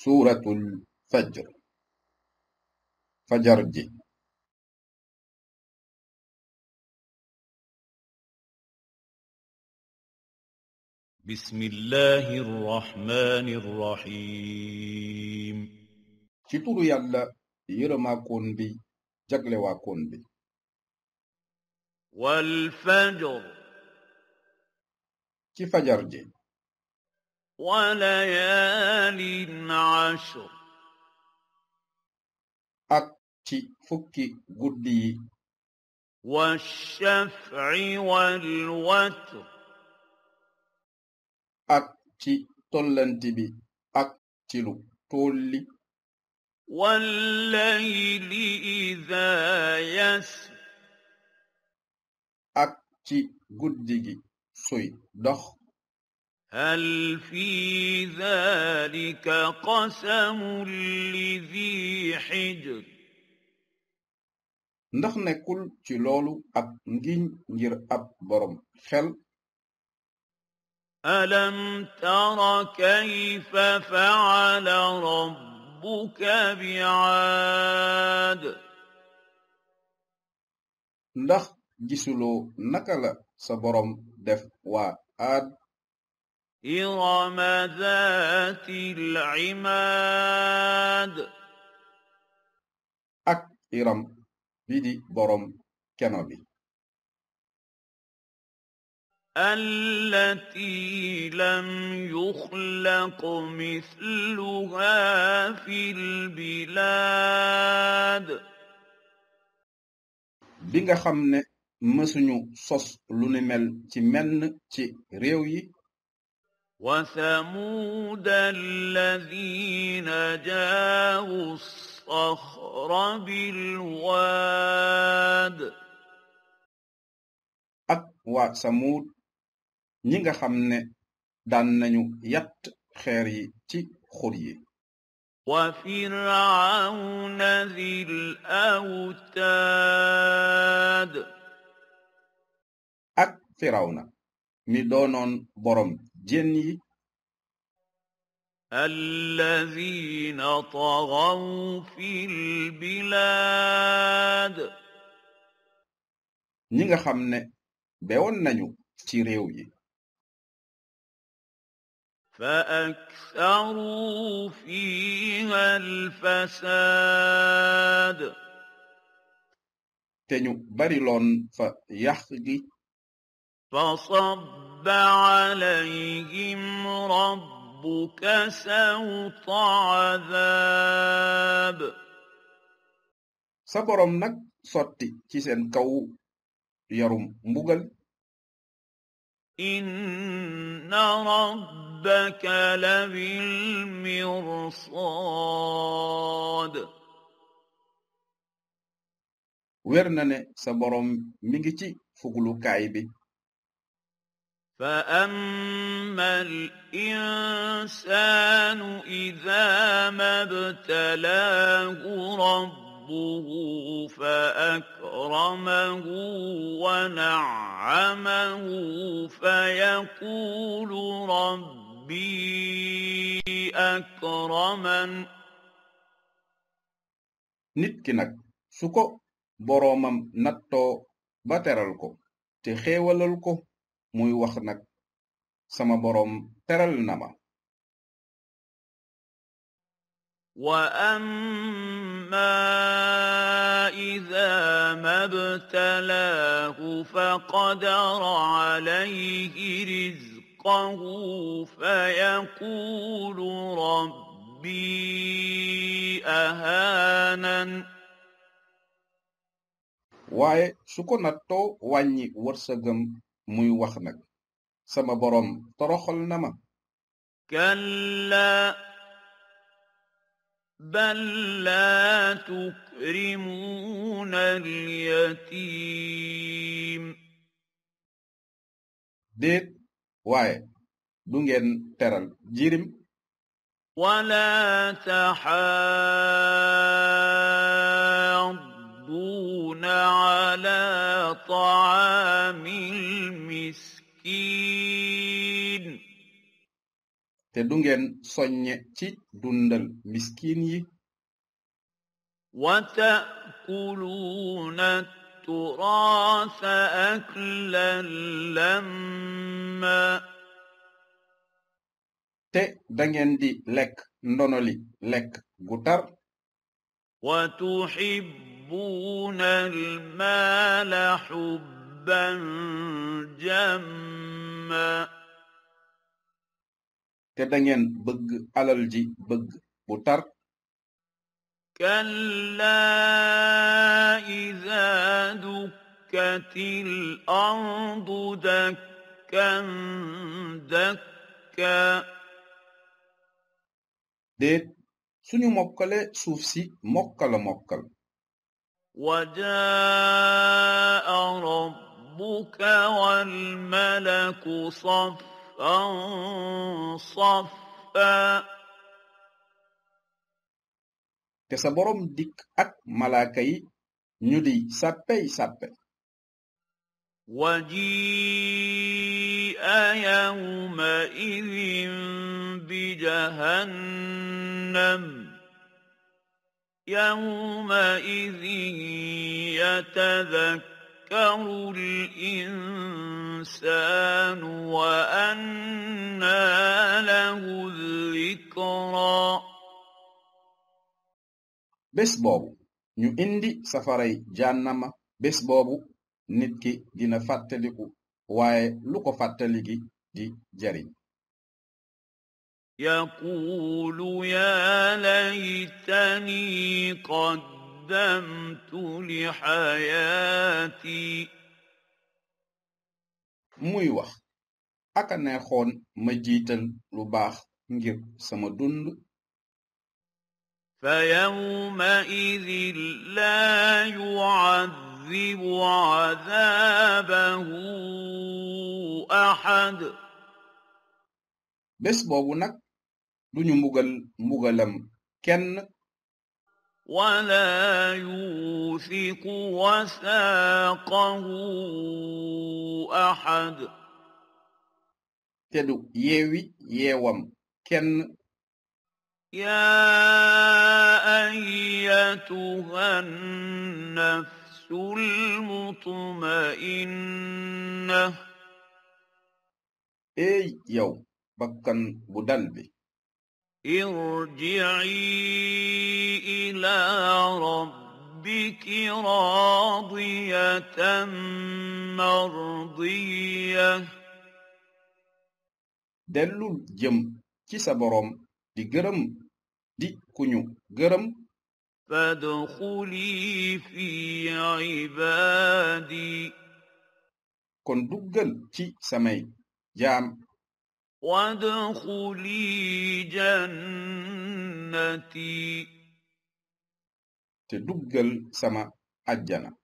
suuratul fajr fajar ji بسم الله الرحمن الرحيم ci turu yàlla yërëmaakoon bi jaglewaakoon bi والفجر ci fajar ji وليال عشر أكتي فكي قدي والشفع والوتر أكتي طلنتي أكتي أكتلو طولي والليل إذا يسر أكتي قدي سوي دخ هل في ذلك قسم لذي حجر ndax nekkul ci loolu ab ngiñ ngir ab borom xel alam tara kayfa fa'ala rabbuka bi'ad ndax gisuloo naka la sa borom def waa aad إرم ذات العماد أك إرم بدي برم كنبي التي لم يخلق مثلها في البلاد بيغا خامني مسونو سوس لوني مل تي من تي ريوي وثمود الذين جاءوا الصخر بالواد اك ثمود نيغا خامن دان نانيو يات خير يي تي خوري وفرعون ذي الاوتاد اك mi doonoon borom jën yi الذين طغوا في البلاد نيغا خامني بيون نانيو تي ريو يي فأكثروا فيها الفساد تنيو بريلون فيخغي فصب عليهم ربك سوط عذاب سبرم نك سوتي تي سين كاو يروم ان ربك لبالمرصاد ويرنا ني سبرم ميغي تي فوغلو فأما الإنسان إذا ما ابتلاه ربه فأكرمه ونعمه فيقول ربي أكرمن نتكنك سكو nag نتو ko boroomam muy wax nag sama boroom teral na ma واما اذا ما ابتلاه فقدر عليه رزقه فيقول ربي اهانن waaye su ko nattoo wàññi wërsëgam muy wax nag sama boroom toroxal na ma كلا بل لا تكرمون اليتيم ديت واي دونجين ترال جيرم ولا تحاسبون المسكين تدونغن سوني تي دوندال مسكين يي وتاكلون التراث اكلا لما تي دانغن دي لك نونولي لك غوتار وتحبون المال حبا حبا جما te da ngeen bëgg alal ji bëgg bu tar كلا إذا دكت الأرض دكا دكا ديت سنو مبكلة سوفسي مبكلة مبكلة وجاء رب ربك والملك صفا صفا te sa borom dikk ak malaaka yi ñu di sàppe وجيء يومئذ بجهنم يومئذ يتذكر يذكر الإنسان وأنى له الذكرى bes boobu ñu indi safaray jànnama bés boobu nit ki dina fàttaliku waaye lu ko fàttaliki di jariñ يقول يا ليتني قد قدمت لحياتي muy wax aka neexoon ma jiital lu baax ngir sama dund فيومئذ لا يعذب عذابه أحد bés boobu nag duñu mbugal mbugalam kenn ولا يوثق وثاقه أحد تدو يوي يوم كن يا أيتها النفس المطمئنة أي يوم بكن بدلبي ارجعي إلى ربك راضية مرضية دلل جم كي بروم دي جرم دي كنيو جرم فادخلي في عبادي كن دوغل كي سمي جام وادخلي جنتي تدقل سما الجنة